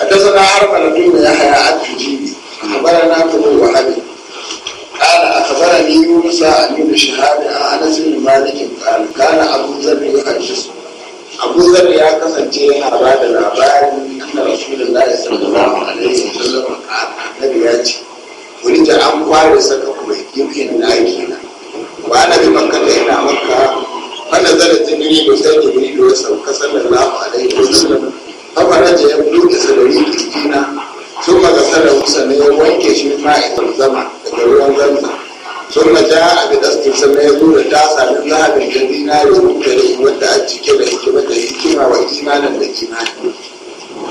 حدثنا حرمل بن يحيى عن الجيبي أخبرنا أبو وهب قال أخبرني يونس عن ابن شهاب عن أنس بن مالك قال كان أبو ذر يحدث أبو ذر يا كسنتي هذا الأبان أن رسول الله صلى الله عليه وسلم قال النبي يأتي ولد عن قارئ سككم يمكن أن أجينا وأنا بمكة إلى مكة فنزل جبريل وسيد جبريل وسوك صلى الله عليه وسلم da ya buɗe sarari kirjina sun maga sarar sannan ya wanke shi ma'aikar zama daga ruwan zamza sun na ja a bi dastin sannan ya zo da tasa da zahabin da zinari da rai wadda a cike da hikima da hikima wa imanin da kimanin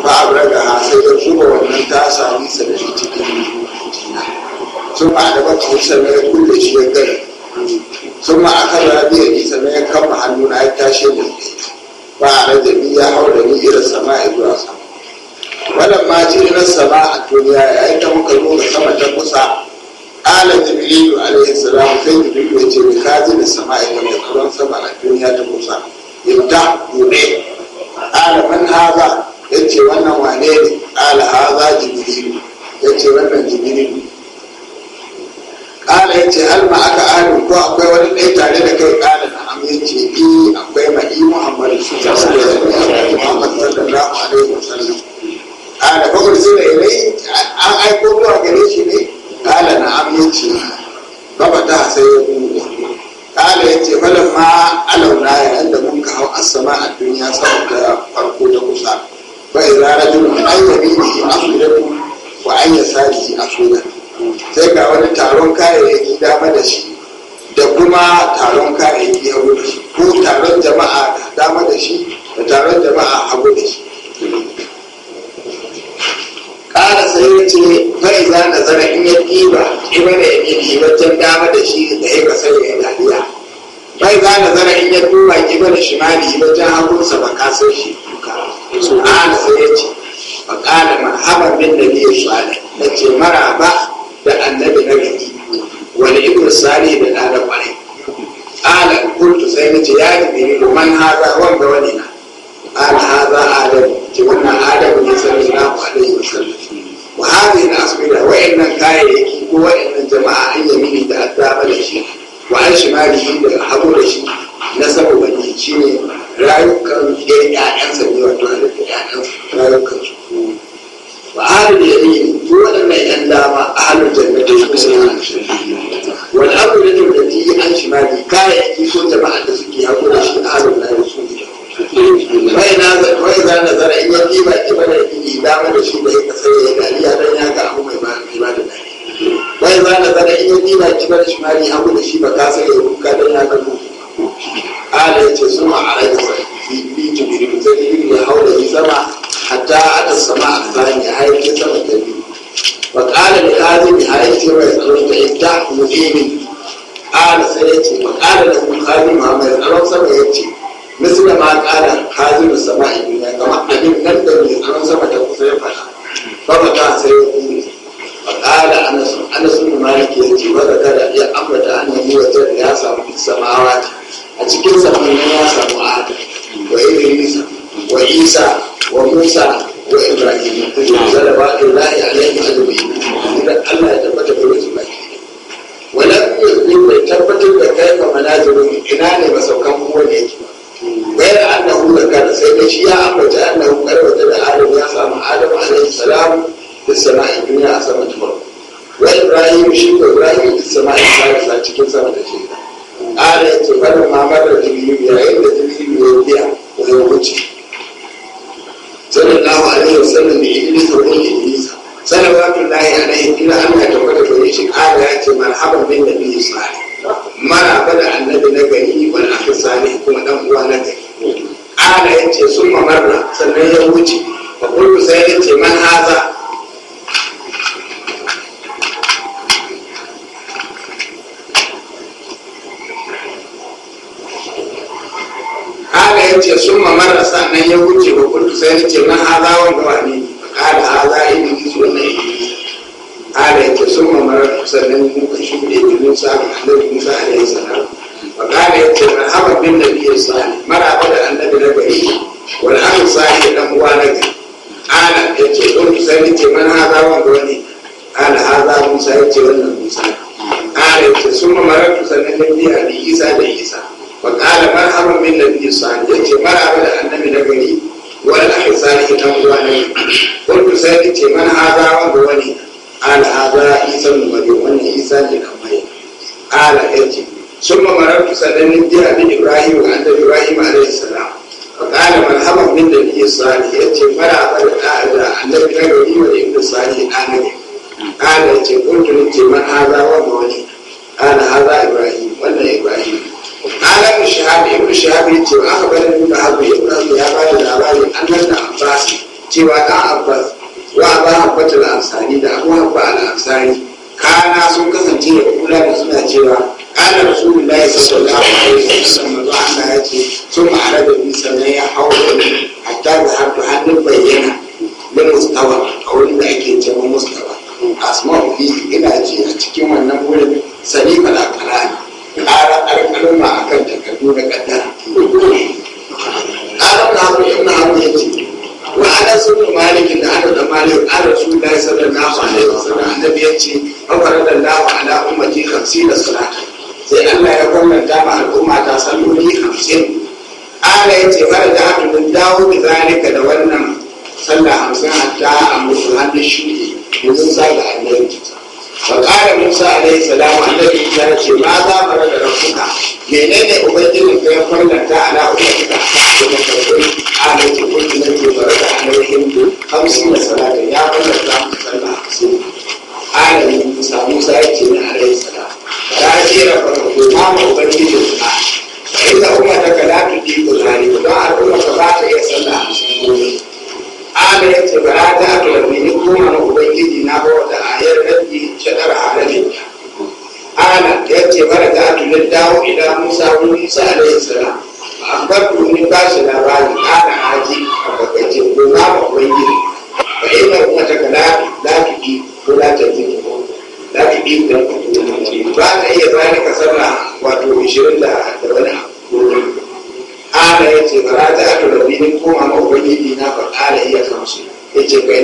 ba a raga ha sai ya zuba wannan ta nisa da shi cikin jina sun ma da baka wusa na ya kulle shi ya gari sun ma aka rabi ya nisa na ya kama hannu na ya tashe da ita ba a rajami ya hau da ni irin sama ya zuwa sama wannan ma ce irin sama a duniya ya yi ta muka zo ga sama ta kusa ala jibrilu alaihi salam sai jibrilu ya ce ka kaji da sama ya wanda karon sama a duniya ta kusa yadda gobe. ala man haza ya ce wannan wane ne ala haza jibrilu ya ce wannan jibrilu ala ya ce alma aka alu ko akwai wani ɗaya tare da kai ƙala na amince eh, a Я след. passage kayayyaki sun jama'a da suke hakuna shi na halin na su wai na wai za na zara in yanki ba ki bada gidi dama da shi da ya kasar ya dariya don ya ga abu mai ba da dariya wai za na zara in yanki ba ki bada shi mari abu da shi ba ka sai ya kuka don ya ga ala ya ce suma a rage sarki bi jibirin zai yi ya hau da yi sama hatta a ta sama a tsarin ya haifin sama ta biyu wa ƙara da ƙazin ya haifin ta, tsaron da ita mutumin ƙala sai ya ce ma ƙala da kuma kazi muhammad a ran sama ya ce misali ma ƙala kazi da sama a duniya kama abin nan da ne a ran sama ta kusa ya faɗa ba ma ta sai ya kuma a ƙala anasun anasun da maliki ya ce wadda kada ya ambata annabi wajen da ya samu samawa a cikin samun ya samu Allah ya tabbata gare kada ya ce marhaban bin da annabi na gari kuma dan uwa na gari kada ya ce sun mamarra sannan ya wuce fa kullu sai ya ce man haza kada ya ce sun mamarra sannan ya wuce sai ya ce ganin jiragen ibrahim a da ibrahim a da isa ba kada malhamar min da ke sani ya ce fara fara da aza a da fi daga yi wa inda sani a na ne a da ce kuntun ce mahaza wa mawani a da haza ibrahim wannan ibrahim kada mu shahabi mu shahabi ce ba aka bari da haku ya ba da ya ba da labari an nan da abbas cewa dan abbas wa ba abbas da ansari da abu a da ansari kana sun kasance da kula da suna cewa قال رسول الله صلى الله عليه وسلم الله يأتي ثم عرض الإنسان يحول حتى ذهبت حتى بينا لمستوى أو إلا أكيد جمع مستوى أسمعه فيه إلى أجي أتكي من نقول سليم الأقران قال أرقل ما أكل تكدون قدر قال ابن عمرو ابن عمرو يأتي وأنس بن مالك أن أنس بن مالك قال رسول الله صلى الله عليه وسلم النبي يأتي وفرض الله على أمتي خمسين صلاة sai Allah ya kwallanta ma al'umma ta salloli hamsin ala ya ce wani da hatu mun dawo da zalika da wannan sallah hamsin hatta a musu hannun shuɗe domin zaga annabi wa ƙara musa alaihi salamu annabi ya ce ma za mu rada rabbuka menene ubangijin ka ya kwallanta ala ubangijinka da ka karɓi ala ce kun tunan ke barka annabi hindu hamsin da salata ya kwallanta musu sallah hamsin alamin musa musa ya ce na harai sana ta ce na farko ma ma ubangijin ba sai da kuma ta kala ta ji gudani don al'umma ta ba ta iya sallah a cikin gobe ala ya ce bara ta ta ni kuma na ubangiji na ba wata ayar rabbi shadar alamin ala ya ce bara ta ta dawo idan musa musa alaihi salam ba ku ni ba shi na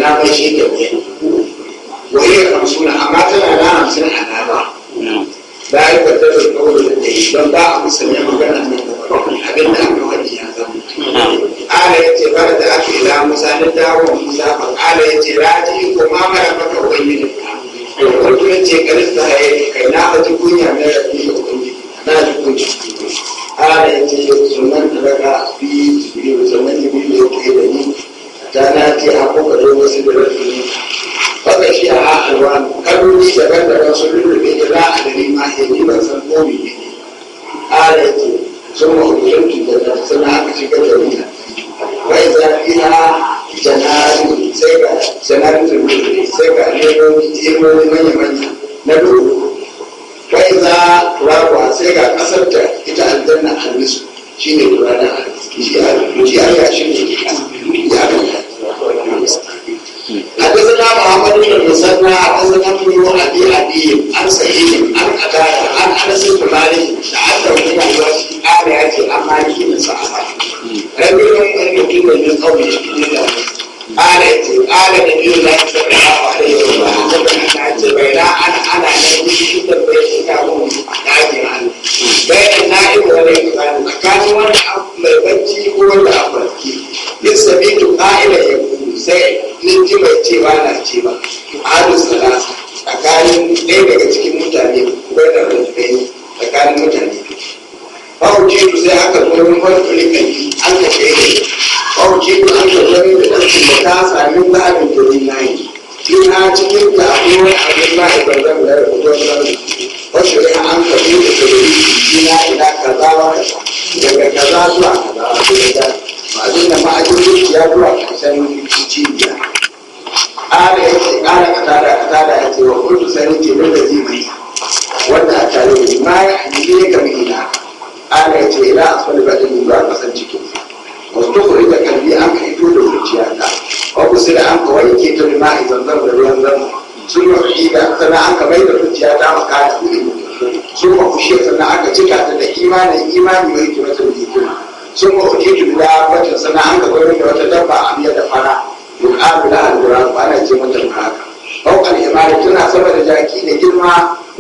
那那些酒店。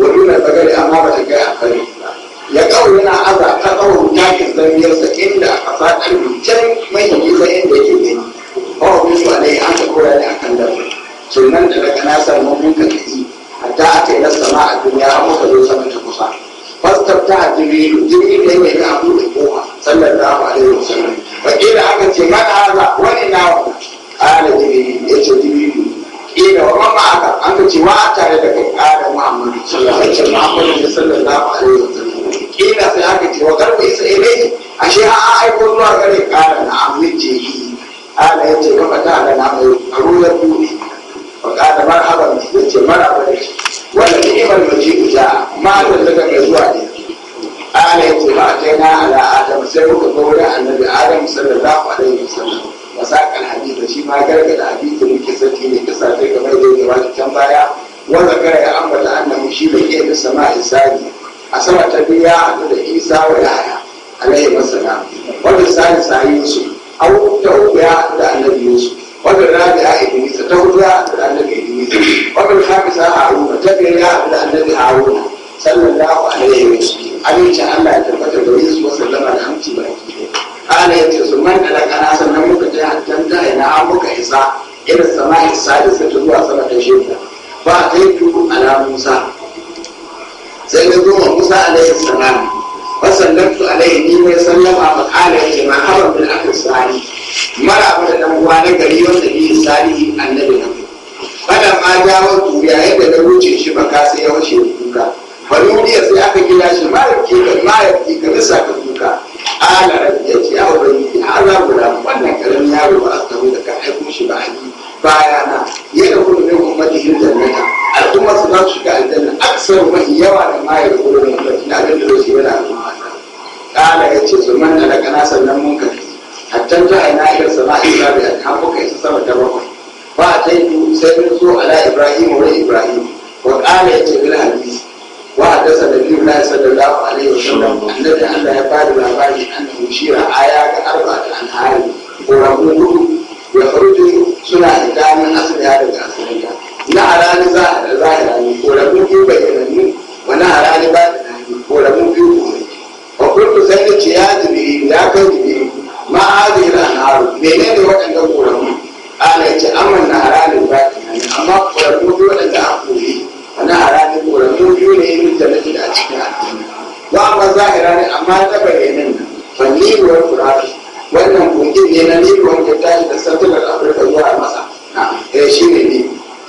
ko dole tsagari amma ba ta gaya bane ya kawo yana aza ta kawo yakin zangiyarsa inda a fatar can mai nisa inda ke ne kawo bisu a nai an ta kora ne a kan dafa sunan da daga nasar mamun ka kaɗi hatta a kai nasa ma a duniya a muka zo sama ta kusa fastar ta a jiri jiri da yake na abu da kowa sallallahu alaihi wasallam wakila aka ce mana haza wani nawa ala jiri ya ce jiri ila eh, wa mamma aka an ka ce wa tare da kai kada muhammadu sallallahu alaihi wasallam muhammadu sallallahu alaihi wasallam ila eh, sai aka ce wa garba isa ilai eh, ashe a aiko zuwa gare kada na amin je yi ala ya ce maka ta da na mai ruwan duni wa kada marhaban ya ce marhaba da shi wanda ni'imar majibu ja ma da daga mai zuwa ne ala ya ce ba a kai na ala adam sai muka ga wurin annabi adam sallallahu alaihi wasallam masaka alhadis da shi ma garga da muke sarki ne kisa sai ga mai dole baya wanda kare ya ambata annabi shi bai iya bisa ma isani a sama ta biya da da isa wa yaya alaihi wasallam wanda sai sai su au ta ubiya da annabi yusuf wanda rabi a ibn ta ubiya da annabi yusuf wanda hafi a ubiya ta biya da annabi haruna sallallahu alaihi wasallam alaihi ta allah ya tabbata da yusuf sallallahu alaihi wasallam alhamdulillah Ƙala ya ce su man da lakana sannan muka je hatan da ina muka isa irin sama isa da su zuwa sama ta da ba ta yi tuku ala musa sai na zo ma musa alayhi salam wasallamtu alayhi ni mai sallama ma kala ya ce ma haɓar bil akin Mara ba da dan uwa na gari wanda bi sani annabi na fada ma jawo turiya yadda na wuce shi ka sai ya wuce kuka bari sai aka gina shi ma da ke ma ke ka bisa ka kuka ala ya ce ya ubangi ala guda wannan karamin yaro ba a da ka haihu shi ba a yi bayana ya da kuma mai kuma dihin jannata al'umma su za su shiga aljanna aksar mai yawa da maye da kuma mai mafi na ganin da shi yana al'umma ta ala ya ce su manna da kana sannan mun a hatta ta aina idan sama'i ba da alhamdu ka isa sama ta bakwai ba ta yi sai mun so ala ibrahim wa ibrahim wa ya ce bil hadisi wa haddasa da biyu na sallallahu alaihi wasallam annabi Allah ya bada labari an tushira aya ga arba'at anhari ko rabu hudu ya faruju suna da asali ya daga asalinta na arani za a da zahira ne ko rabu biyu bayyanannu wa arani ba da nani ko rabu biyu kuma wa kullu sai da ce ya kai jibiri ma menene waɗannan koramu ana ce amman arani ba da amma waɗanda a koyi ana a ranar gora yau ne yin jannati a cikin addini wa amma zahira ne amma ta bayyanin fanniwar kurari wannan kungin ne na nilo wanda tashi da central Afirka zuwa masa eh shi ne ne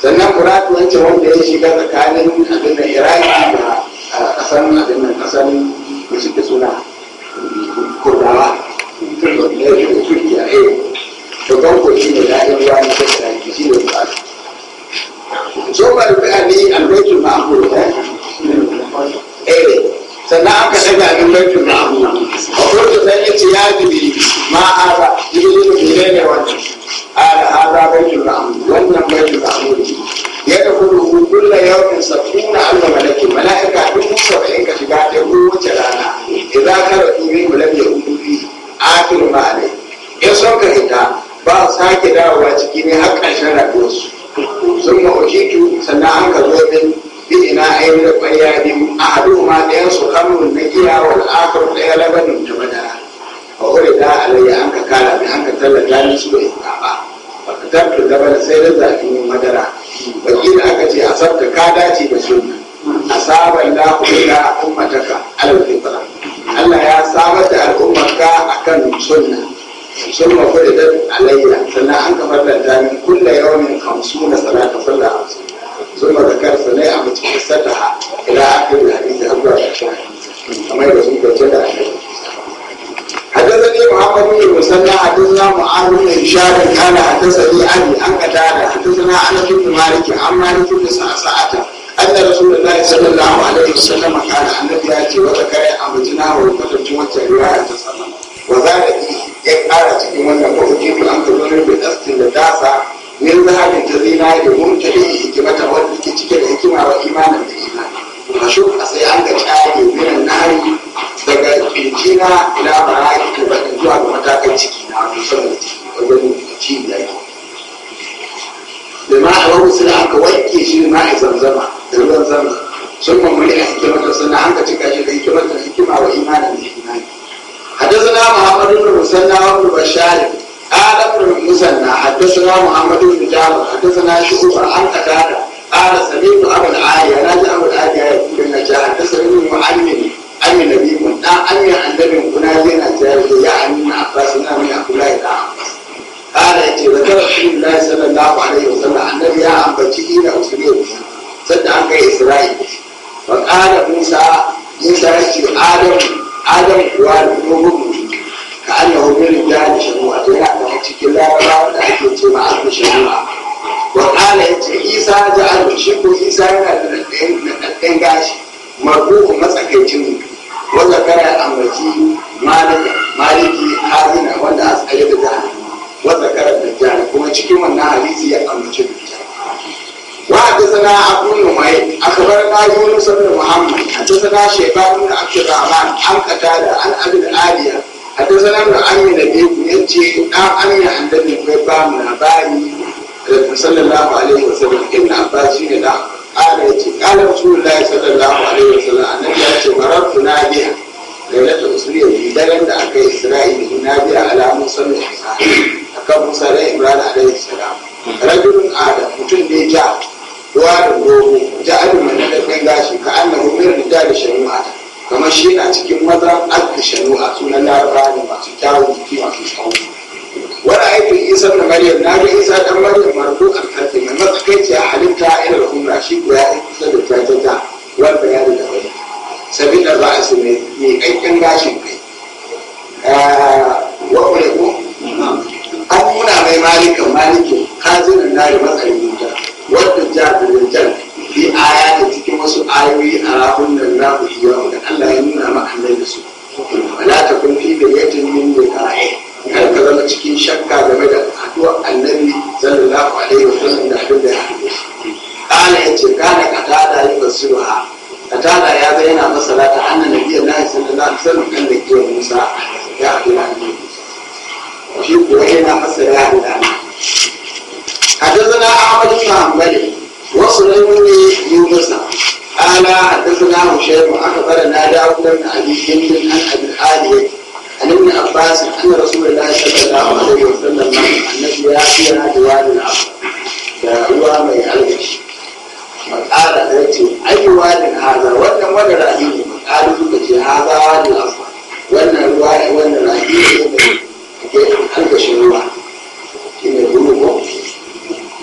sannan kuratu wancan wanda ya shiga tsakanin abin da iraki da kasar abin da kasar da suke suna kurdawa turkiya eh to ganko shi ne da ruwa na kasar da shi ne kuratu sumar ni albaitul ma'mur eh sannan aka daga albaitul ma'mur a kowace sai ya ce ya jibi ma ara jibi ne ne wancan ala hada baitul ma'mur wannan baitul ma'mur ya da kudu kulla yawmin sabuna alma malaki mala'ika dubu saba'in ka shiga ta kowace rana idan ka rabu ne mu lafiya umuri akil ma'alai Ya son ka hita ba sake dawowa ciki ne har ƙarshen rayuwarsu sun tu sannan an ka zo min bi ina ayin da ƙwarya biyu a haɗu ma ɗayan su kanu na iya wa al'akar ɗaya labarin jama'a madara a wuri da alayya an ka kala min an ka tallata ni su da ikaba ba ka tattu da sai da zafin madara wakil aka ce a sabta ka dace da su a saban da kuma a ummataka alal fitra Allah ya samar da al'ummarka akan sunna sun mafi da alayya sannan an ka farlanta min kulla yawmin hamsu na salata sallah hamsu sun ma zakar sanai a mutum da sallaha ila akhir da da sun kwace da hadisi حدثني محمد بن المثنى حدثنا معاذ بن هشام قال حدثني ابي عن قتاده حدثنا انس بن مالك عن مالك بن سعسعه ان رسول الله صلى الله عليه وسلم قال النبي ياتي وذكر امتنا وفتنت وانت روايه تسلم وذلك ya ƙara cikin wannan bauti to an zama da ɗastin da dasa min zahabin ta zinari mumtali hikimata wanda ke cike da hikima wa imanin da imani mashuk a sai an ga tsari minan nari daga kirjina ila baraki ta bakin zuwa ga matakan ciki na wani da ciki a wani ciki da yake da ma a wani suna aka wanke shi ma a zanzama, da ruwan sun mamuri a hikimata sannan an ka cika shi da hikimata hikima wa imanin da حدثنا محمد بن مسنى وابن بشار قال ابن المسنى حدثنا محمد بن جابر حدثنا شعبة عن قتادة قال سمعت ابا العالي انا جاء ابو العالي يقول النجاة حدثني معلمي عن نبي من عمي عن نبي كنا زينا جاهل يا عمي عباس انا من عبد الله بن عباس قال يجي ذكر رسول الله صلى الله عليه وسلم النبي يا عبتي الى اسرائيل صدق عنك اسرائيل فقال موسى موسى يجي ادم adam kuwa ne mutum ka an yawon mai ya da shanuwa ta yana daga cikin larabawa da ake ce ma an shanuwa wa kala ya ce isa ja an shi ko isa yana da ɗanɗan gashi marbu'un matsakaicin wanda a ambaci ƙwari wani da Muhammad a ta sana shaifa wani da ake rama an kata da an da ariya a ta sana da an na biyu ya ce ɗan an yi an ne kai ba mu labari da sallallahu alaihi wasallam na ba ya ce ƙalar suna da ya a nan ya ce marar tuna biya da ya ta daren da aka yi isra'ili na biya alamun sallar isra'ili a kan musa da imran alaihi salam rajulun mutum ne ja warin rogo ja abin mai nadaɗin gashi ka an nahu mai rida da shanu'a kamar shi na cikin maza aka shanu'a sunan larabawa da masu kyawun jiki masu tsawo wani aikin isa da maryam na ga isa dan maryam marko a karfe mai matsakaici a halitta a irin kuma shi ko ya kusa da tatata wanda ya da wani sabida ba a su mai ƙaiƙin gashin kai eh, wa ƙure an nuna mai malikan malikin kazinan na da matsayin wuta wanda jabirin jan bi aya da cikin wasu ayoyi a rahun nan na ku iya wanda Allah ya nuna ma annai da su wala ta kun fi da yatin min da kare kar ka zama cikin shakka game da addu'ar annabi sallallahu alaihi wa sallam da abin da ya haɗu kana ya ce kana katada yi basiruha katada ya zai yana masalata annan nabiyyi na sallallahu alaihi wa sallam kan da ke Musa ya haɗu da annabi shi kuwa yana masa ya haɗu da annabi حدثنا أحمد بن حنبل وسليم بن يونس قال حدثنا هشام نادى داود بن أبي هند عن أبي الحارث عن ابن عباس أن رسول الله صلى الله عليه وسلم أنه يأتينا بواد العصر فهو ما يعلمش فقال ذاتي أي واد هذا وأن واد رأيه قالوا لك هذا واد العصر وأن الواد وأن رأيه الغش الواد إن الغلوب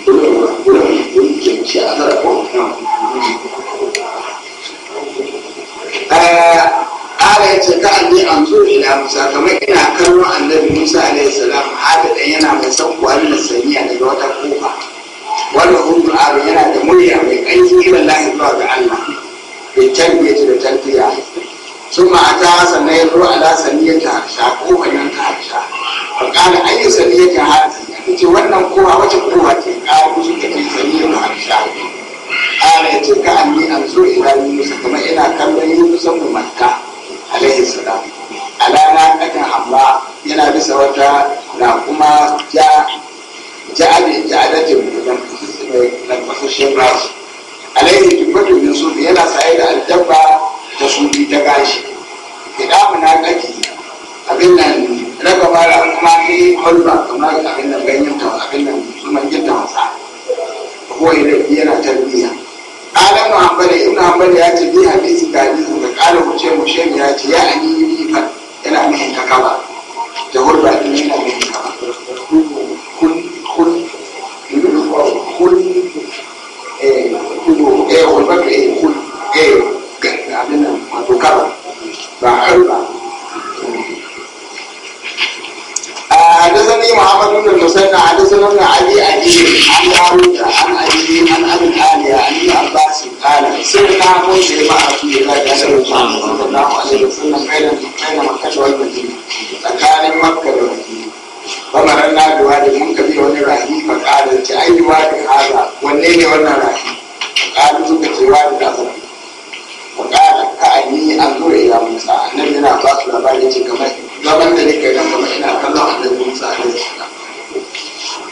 ƙara ya ce ka andi an zo ila musa kamar ina kallon annabi musa alaihi salam adada yana mai saukowa da saniya daga wata kofa wanda hundu yana da murya mai ƙarfi ilan lahi zuwa ga allah bai ta da tarbiya sun ma'ata sannan ya zo ala saniyar ta harsha nan ta harsha a ƙara ayyukan saniyar ta harsha yace wannan kowa wace kowa ce kawo shi da ce sai yi mu hamsha ana yace ka anni an zo ila Yunus kuma ina kallon Yunus mu Makka alaihi salam alana kakan amma yana bisa wata na kuma ja ja'alin ja'alatin na fasashen rasu alaihi jibbatun yusuf yana saye da aljabba ta sudi ta gashi idamu na kaki abin nan ko gaba da kuma fi hulba kuma abin nan ganyen ta abin nan kuma gidda wasa ko yana yana tarbiya qala ibn hanbali ibn hanbali ya ce bi hadisi da hadisi da qala mu ce mu shemi ya ce ya ani ni fa yana mihin takaba da hulba din yana mihin أحمد بن المسنى حدثنا ابن علي علي عن داوود عن علي عن ابي الحالية عن ابن عباس قال سمعنا موسى مع رسول الله صلى الله عليه وسلم بين بين مكة والمدينة فكان مكة والمدينة فمرنا بواد منكبر ونرحيم فقال أي واد هذا والليل والنرحيم قالوا سكت واد الأخضر فقال كأني أنظر إلى موسى النبي أنا أباك لبالي كما zaman da nake nan kuma ina kallon annabi Musa alaihi salam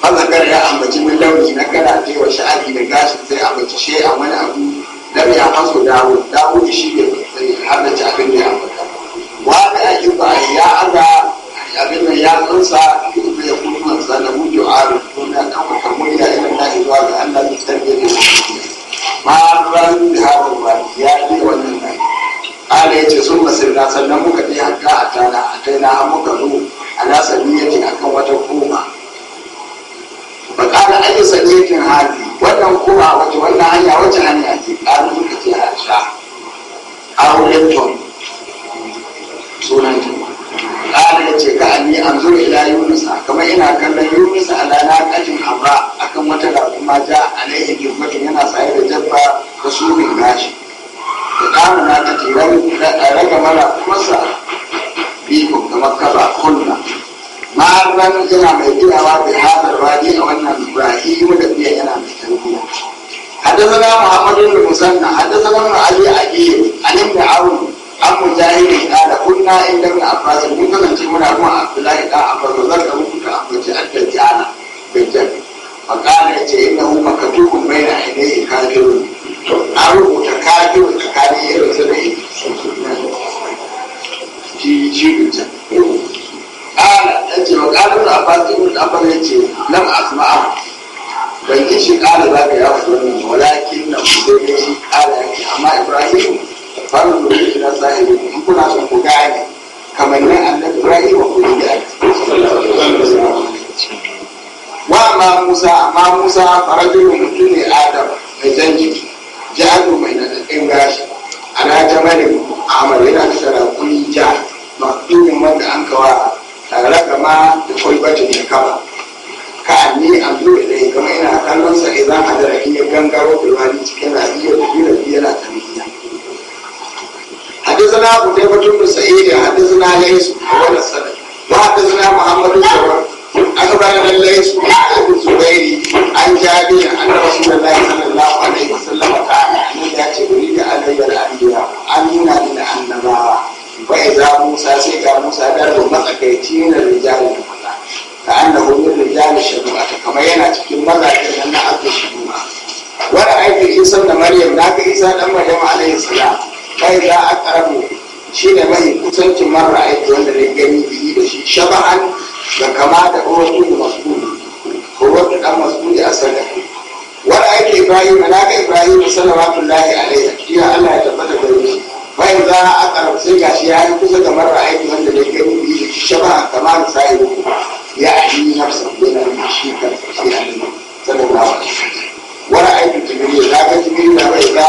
Allah kar ya ambaci min launi na kana ce wa sha'ani da gashin sai ambaci shi a wani abu da ya faso dawo dawo shi ne sai har da abin da ya ambata wani ayyuka ba ya aga abin da ya tsansa yau ya kuma sanar mutu a rukun na kan wata murya irin na zuwa ga Allah da tarbiyya da ma ran da hawa ya ne wannan nan Allah ya ce sun masirna sannan muka kai na muka zo ala a akan wata koma a yi saniyatin hali wannan koma wace wannan hanya wace hanya ke karu suka ke harsha sunan sunanta ƙara ya ce ka ani an zo ila yunusa kamar ina kallon yunusa a lana kashin a akan wata rakuma mata a nan yake mutum yana saye da jabba da surin gashi da ƙara na ta ce rage mara kusa fikon ga makaba kunna ma ran yana mai gidawa da hadar rage a wannan rahi wanda biya yana mai tarbiya haddasana muhammadu bin musanna haddasana mu ali aqil an ibn aun an mujahid da da kunna inda na abbas mun kana cikin muna ruwan abdullahi da abbas da zaka mu ka abuci adda jana da jabi fakana ce inna hu makatubun baina aidai kafirun to aru mutakabiru takani yaro sai shi shi ɗinta ƙala ya ce wa ƙalin da abbas ibn abbas ya ce lam asma'a ban yi shi ƙala za ka ya fi wannan walakin na mutum ya shi ƙala ya ce amma ibrahim farin da yake na sahibi in kuna son ku gane kamar nan annabi ibrahim ku yi da wa ma musa amma musa farajulun mutum ne adam mai zanji jihadu mai naɗaɗɗen gashi ana jamalin amal yana da sarakuni jihar ma ɗin wanda an kawa tare da ma da ne kawa ka ni a zuwa da yin kama ina kallon sa idan a zara kiyar gangaro da wani cikin rayuwa da biyu da yana tarihiya hadisa na abu dai mutum da na laisu a wani sanar ba hadisa na muhammadu sauran aka ba da nan laisu a abu zubairi an ja biyan an da wasu da laifin sallallahu alaihi wasallama ta'ala ne ya ce wuri da alayyar ariya an yi na da annabawa bai za musa sai ga musa garo matsakaici na rijalin da maza ka da hulun rijalin shadu'a kamar yana cikin mazajen nan na abin shadu'a wani aiki isa da maryam na ga isa dan maryam alayhi salam bai za a karamu shi ne kusancin marar aiki wanda na gani biyu da shi shaba'an da kama da wasu da masu ko wata a allah ya bayan za a ƙarar sai gashi ya yi kusa da marar aiki wanda bai gani bi shi shaba kama da sa'i ya ajiyi nafsa yana da shi kan sai a nan saboda wani aiki jimiri ya zaga jimiri na bai za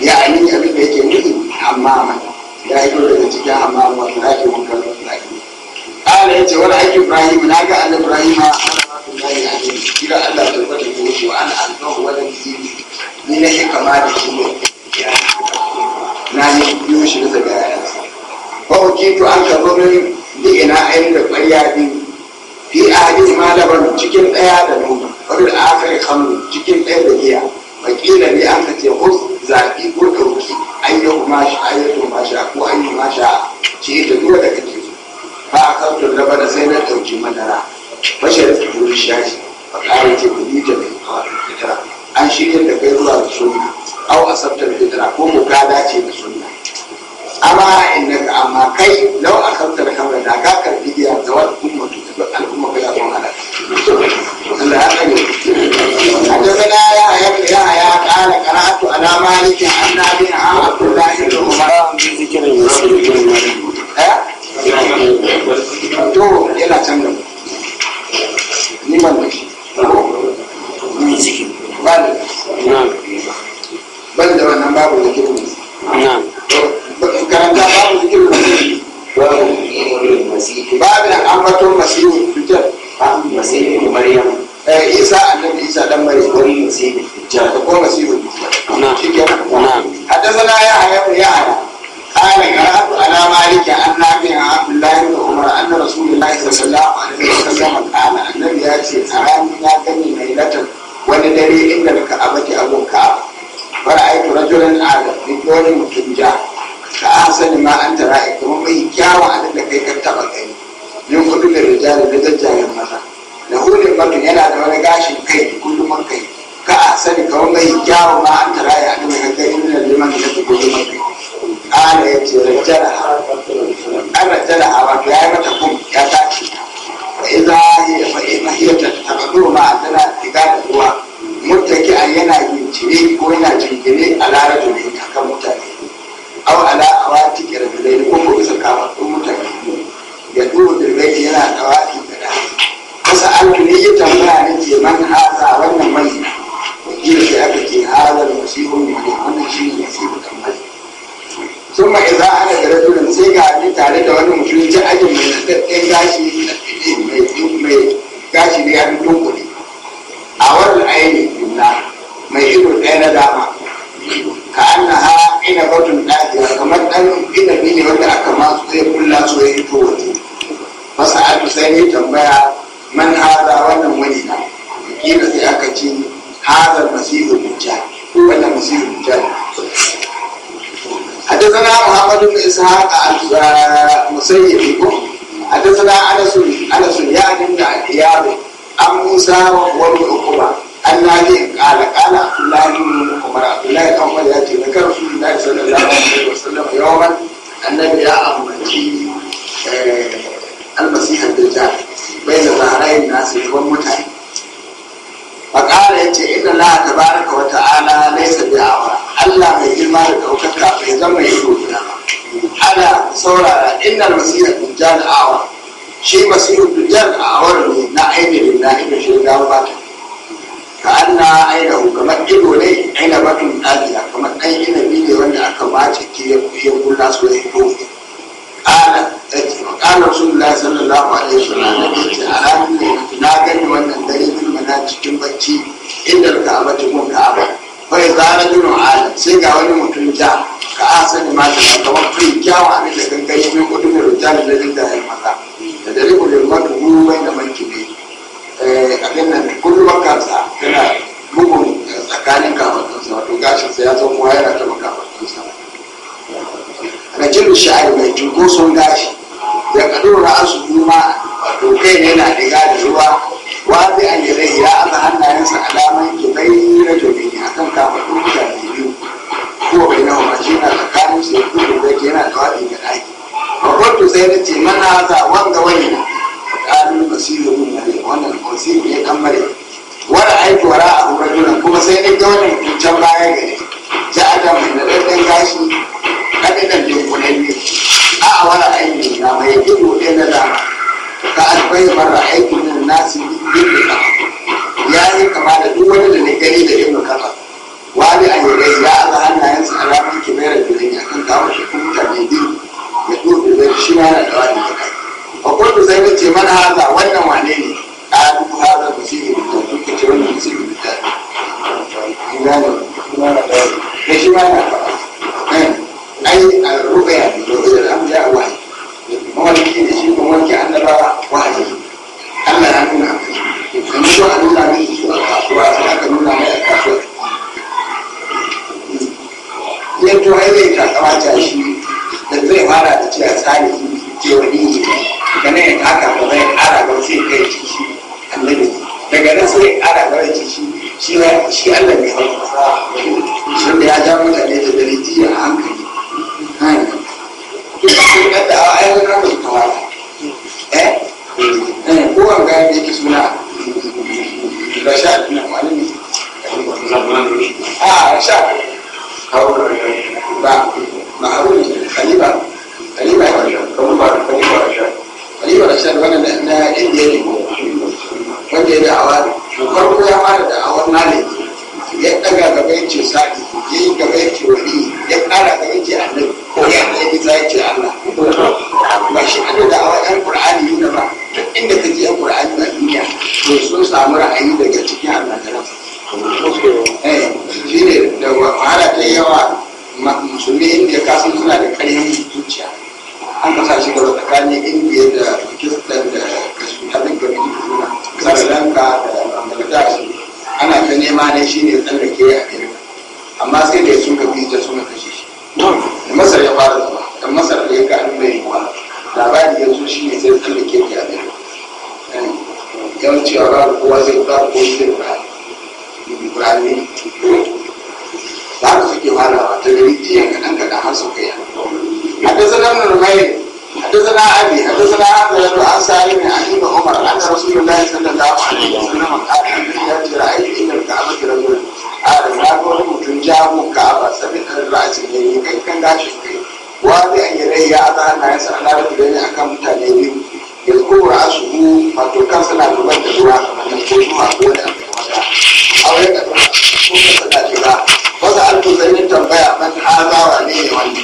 ya amince abin da yake nufi amma ya yi dole daga cikin amma wata ake wankan ibrahim ƙara ya ce wani ake ibrahim na ga an ibrahim ma alamatun da ya ne kira allah ta kwata ko shi an alfahu wani zini ni na yi kama da shi ne na yi biyo shi da zaga yayansa ba ku kito an karɓo min da ina ayin da ƙwarya biyu fi a hadin malaban cikin ɗaya da noma wani da aka yi cikin ɗaya da giya wakila ne aka ce hos, zaɓi ko ɗauki an yi kuma shi an yi kuma shi ko an yi kuma shi ce ta duwa da kake ba a kan tunda bana sai na ɗauki madara bashar da turi shashi a ƙarin ce ni da mai kawai fitara an shirya da kai zuwa da suna au a sabtar fitara ko mu ka dace da suna amma innaka amma kai lau akamtar kamar da ka karbi giya da wani umma ta al'umma ka zama halaka Allah ya kare حدثنا يحيى بن يحيى قال قرات على مالك عن A عن عبد الله بن عمر ذكر to yana can nan ni man da shi ban da wannan babu da ke karanta babu zikirin masihi babin ambaton masihi fitar masihi maryam eh, isa annabi isa man hada wannan wani na kila sai aka ce hadal masihu dajjal wannan masihu dajjal حدثنا محمد بن اسحاق المسيب حدثنا انس على يعني بن عياض عن موسى وابن عقبه أن علي قال قال عبد الله بن عمر عبد الله بن عمر يأتي لك رسول الله صلى الله عليه وسلم يوما النبي يا أمتي المسيح الدجال bai da bahrain na nasu ruwan mutane fakara ya ce inda la ta baraka ala ta'ala laisa a awa allah mai girma da ɗaukaka bai zama yi gobina ba ana saurara inda masira dujjal awa shi masiru dujjal awar ne na ainihin na ina shirya ba ta ka anna ainihu kamar ido ne aina bakin ɗaliya kamar ɗan inabi ne wanda aka mace ke ya kula su ya fito ƙala take wa ƙala rasulullahi sallallahu alaihi wa sallam da a ranar ne na gani wannan dare tun na cikin bacci inda ka abata mun ka aba bai zara jinin ala sai ga wani mutum ja ka asali ma ta kamar kai kyawa abin da gangare mai kudin rujalin da dinda ya maza da dare ku limatu mu bai da manki ne a abin nan kullum kansa yana bugun tsakanin kafatunsa wato gashinsa ya zo kuma yana ta makafatunsa Rajul Sha'ar Bait, to go somewhere. cikin yi kankan gashi wa bi an yi rai ya aza hannayensa a lara gidani a kan mutane biyu ya kowar asu yi wato kansa na zubar da ruwa kamar ko zuwa ko da abu wanda a wani da kuma ko kansa na jira wasu an tuzanin tambaya man hazawa ne ya wani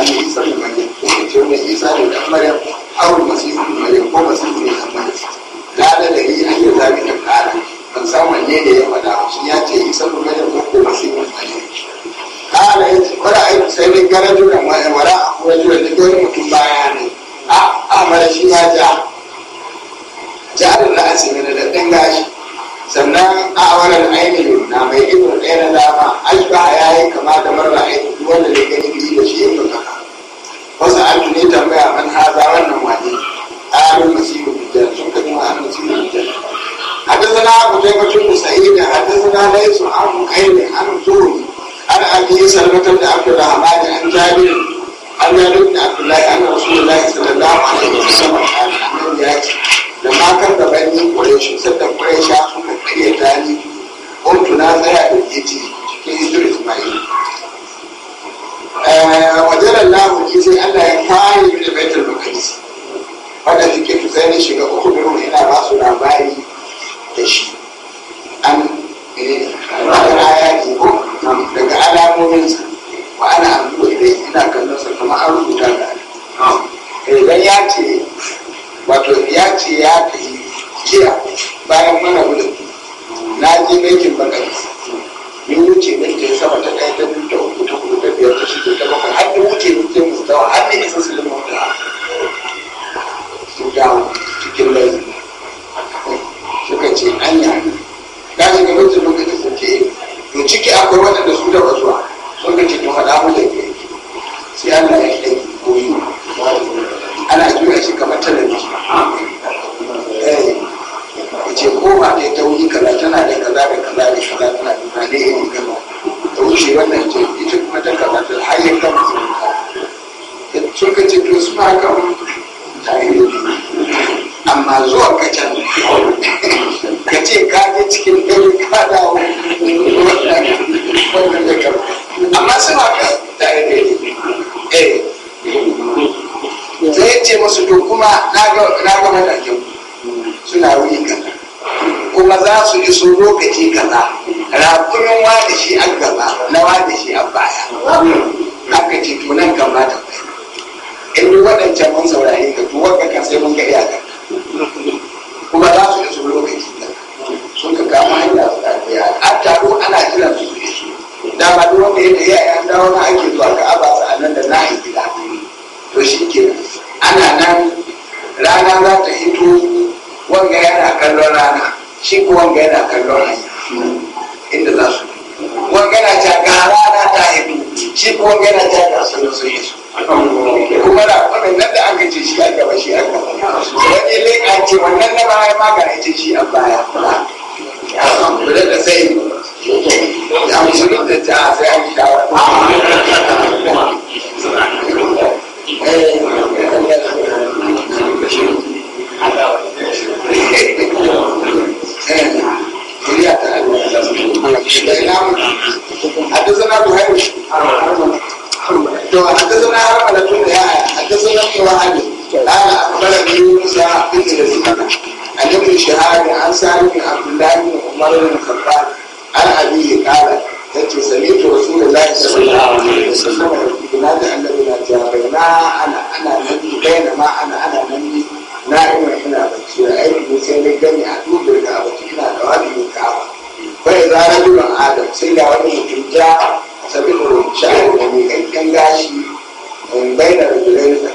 ne isa da maryam ko ce wani isa ne da maryam awul masifu da maryam ko masifu ne da maryam lada da yi an yi zabi da kara ban samu wanne ne ya faɗa shi ya ce isa da maryam ko masifu da maryam قال ورأيت سيدك ne. وراءه رجلا لكل متباياني أعمل فيها جعل جعل da من gashi. sannan a wannan ainihin na mai ido ɗaya na dama ashbaha ya yi kama da marar ainihin wanda da gani biyu da shi yin kaka wasu abu ne tambaya man haza wannan wani amin masiru bijan sun kaji ma amin masiru bijan حدثنا أبو جابر da سعيد حدثنا ليس عن مكيل عن an abi salmatar da abdurrahman an jabir an jabir da abdullahi an rasulullahi sallallahu alaihi wasallam an ya ce da makar da bani quraishi sadda quraishi suka kare tani kuntu na tsaya da yiti cikin hidir ismail eh, wajen Allah ji sai Allah ya kare da baitul maqdis wanda suke fitsarin shiga uku binmu ina ba labari Yeah.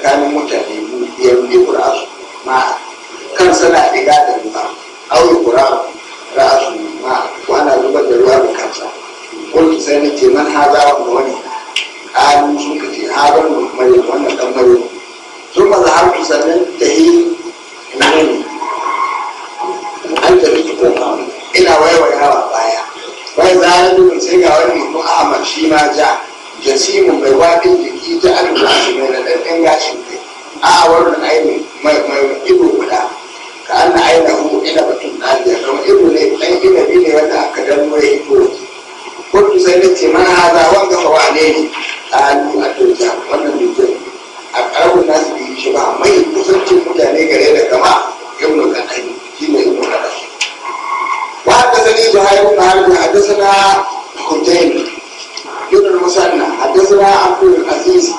tsakanin mutane mu biyar ne ƙura'asu ma kan sana riga da ruwa aure ƙura'u ra'asu ma ana zubar da ruwa da kansa kulki sai na ce man haza wa wani ƙalu suka ce haza mu mai wannan ɗan mare sun maza har sannan ta yi nuni an tafi ko koma ina hawa baya wai zanen sai ga wani mutum amma shi ma ja jasimu mai waɗin jiki ita an ne mai raɗaɗɗen gashin kai a wannan aini mai ido guda ka an na aina hu ina batun ɗaliya kama ido ne ɗan ina bi ne wanda aka dan mai ko wajen sai na ce mana haza wanga fa wane ne a ni a doja wannan dojan a ƙarfin nasu bi shi ba mai kusancin mutane gare da kama ibnu kaɗani shi ne ibnu kaɗani wa haddasa ni zuhairu na harin haddasa na hujjaini ابن المثنى حدثنا عبد العزيز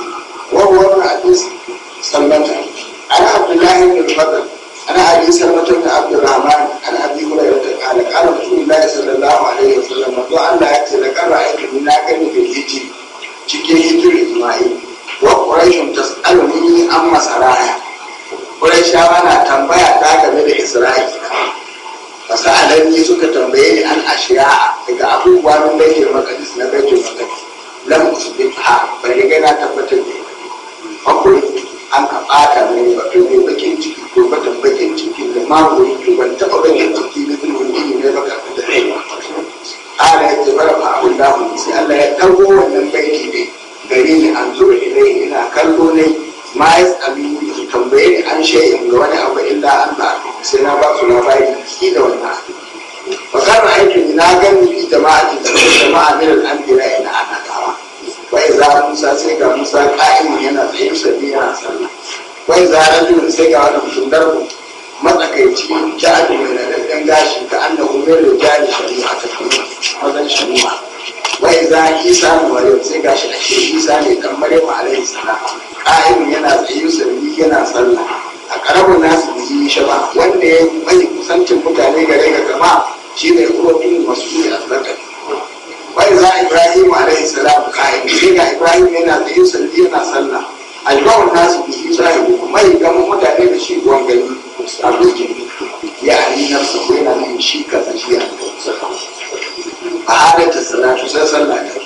وهو ابن ابي سلمة انا عبد الله بن الفضل انا ابي سلمة بن عبد الرحمن انا ابي هريرة قال قال رسول الله صلى الله عليه وسلم ما ان لا ياتي لقد رايت من اكل في الهجر cikin hijir ismail وقريش تسالني عن tsalmi قريش انا ƙurashawa na tambaya ta game da isra'ila fasahalanni suka tambaye ni an ashiya daga abubuwa da ke makadis haka ne wato ne bakin ciki ko batun bakin ciki da mamuri to ban taɓa bakin ciki da zulmin ciki ne ba kafin da rai ba ala ya jabara fa abun lahu sai Allah ya ɗago wannan baiti ne gare ni an zuru ilai ina kallo ne ma ya tsami ki tambaye ni an shay'in ga wani abu illa an ba sai na ba su labari ki da wannan fa kana aikin na gani bi jama'a jama'a min al-anbiya ina ana kawa fa idza musa sai ga musa qa'im yana tsaye sabiya sallah wani zaran dole sai ga wani mutum ku? matsakaici ta ake mai nagarɗen gashi ta an da umar da jari shari'a ta kuma mazan shari'a wai za a isa mu maryam sai gashi da ke isa ne dan maryam alaihi salam ƙa'ibin yana tsaye sarki yana sallah a ƙaramin nasu da yi shi ba wanda ya mai kusancin mutane gare ga gaba shi ne kuma bin masu ne a tsakar wai za ibrahim alaihi salam ƙa'ibin sai ga ibrahim yana tsaye sarki yana sallah ajma'un nasu bi shi mai gama mutane da shi ruwan gani a lokacin ya hali na su yana nan shi kaza shi ya a hadata salatu sai sallah ta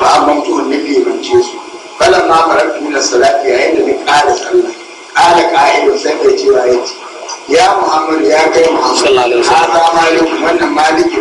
ba an mamtu wani bebance su falan ma marar tuna salati yayin da na ƙara sallah ƙara ƙa'idun sai bai cewa ya ce ya muhammadu ya kai muhammadu hada malik wannan malik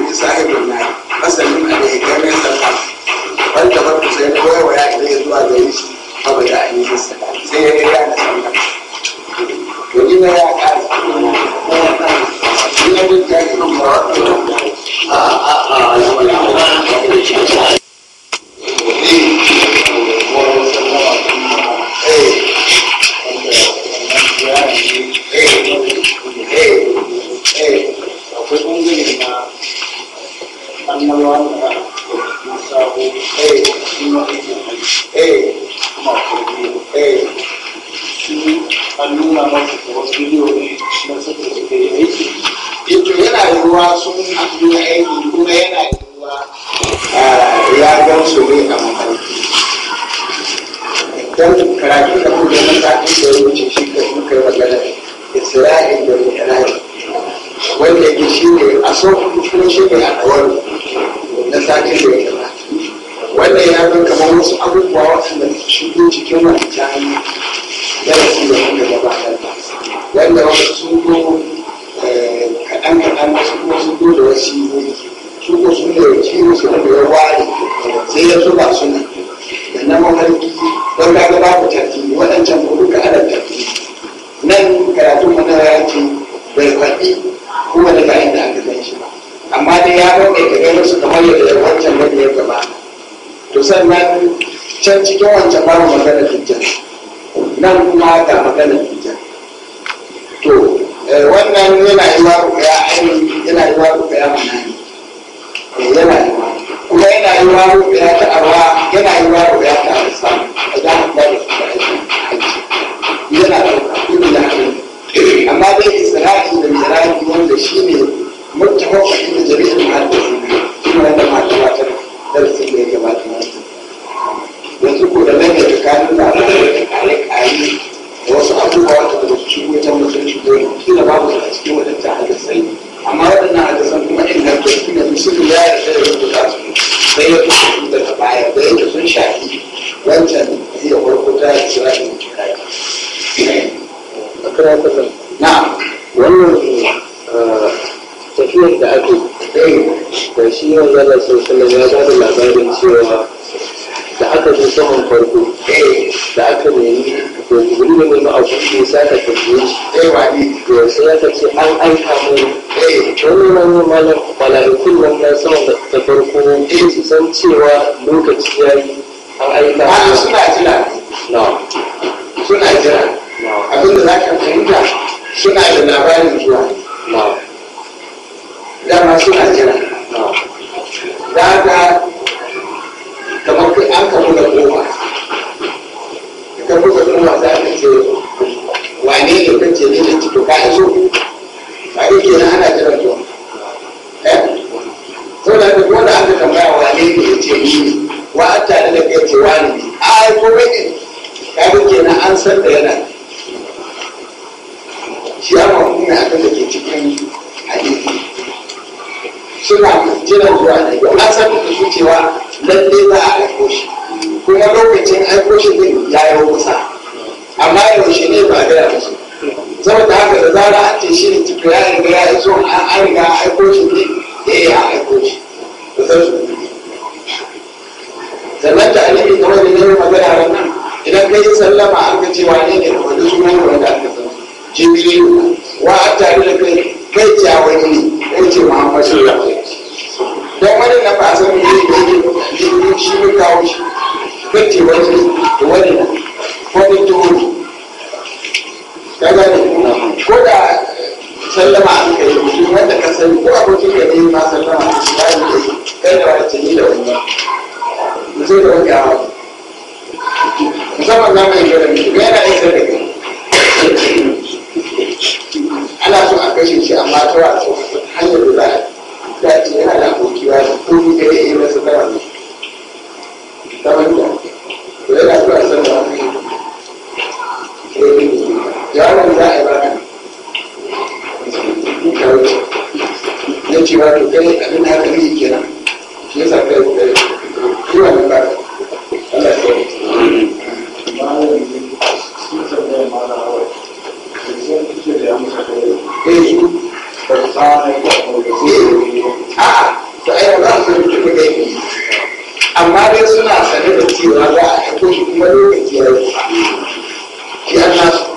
bai faɗi kuma daga inda aka san shi ba amma dai ya bambam ka gani su kamar yadda da wancan wanda ya gaba to sannan can cikin wancan babu magana hijjar nan kuma ga magana hijjar to eh, wannan yana yi wa kuka ya ainihin yana yi wa kuka ya manani eh, yana yi wa kuma yana yi wa kuka ya ta arwa yana yi wa kuka ya ta arsa idan ba da suka aiki yana da kuka amma dai isra'i da miraji wanda shi ne mutahon da jami'in muhaddisi kuma da mata wata darasin da ya gabata mata yanzu ko da nan da tsakanin da alƙali da wasu abubuwa wata da su wutan musulunci dole kila babu su a cikin wadanta hadisai amma waɗannan san kuma ingantattu ne musulun ya yi da rubuta su sai ya fi daga baya da yadda sun shafi wancan iya farko ta isra'i da akira kusan na wannan eh, tafiyar da ake da shi yawan yana sun ya ba da labarin cewa da aka zo saman farko da aka nemi da jibril ne ma abu ne sa ka tambaye shi eh, to sai aka ce an aika mu eh. wani nan malam mala'ikun nan na saman ta farko su san cewa lokaci ya yi an aika suna jira suna jira abinda za ka fahimta suna da labarin zuwa dama suna jira za ka kamar kai an kamu da kofa ita kuka kuma za ka ce wane ne kace ne da ciki ba iso ba ne ke ana jira zuwa eh? sau da ta kuma da aka tambaya wane ne ya ce ni wa an tare da kai ce wani ne a ko wani ne ka ke an san da yana ya kwamfuna abin da ke cikin hadisi suna jiran zuwa da yau an san da su cewa lalle za a aiko shi kuma lokacin aiko shi din ya yi kusa amma yaushe ne ba gaya musu saboda haka da zara an ce shi ne cikin ya riga ya iso an riga aiko shi din ya yi aiko shi sannan ta alibi kamar da ne magana wannan idan ka yi sallama an ga cewa ne ne wani sunan wanda aka jibiri wa attaru da kai kai wani ne ko yake muhammad sallallahu alaihi dan wani na ba san me ne ne shi ne kawo shi kai kace wani ne wani wani to kaga ne ko da sallama an kai shi wanda ka sani ko abokin ka ne ma sallama shi kai ba ne kai da wani tuni da wani mutum da wani gawa musamman na mai gara ne yana yin sadaka kashe shi amma ta wa hanyar da za a ce yana da aboki ba shi ko ni da yi masa tara ne kamar da yana zuwa san da wani wani za a yi ba ya ce wato kai abin da haka ne kenan shi yasa kai kai kiwon kai to ai ba amma dai suna sane da cewa za a tafi shi kuma lokaci ya yi shi an nasu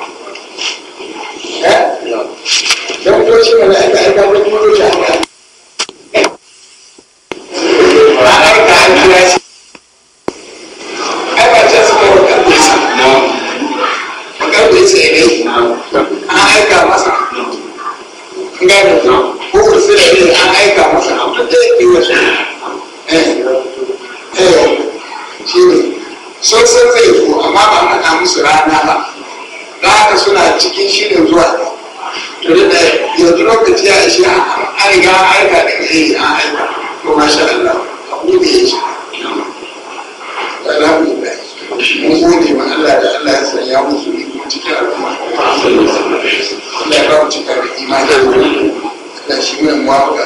wako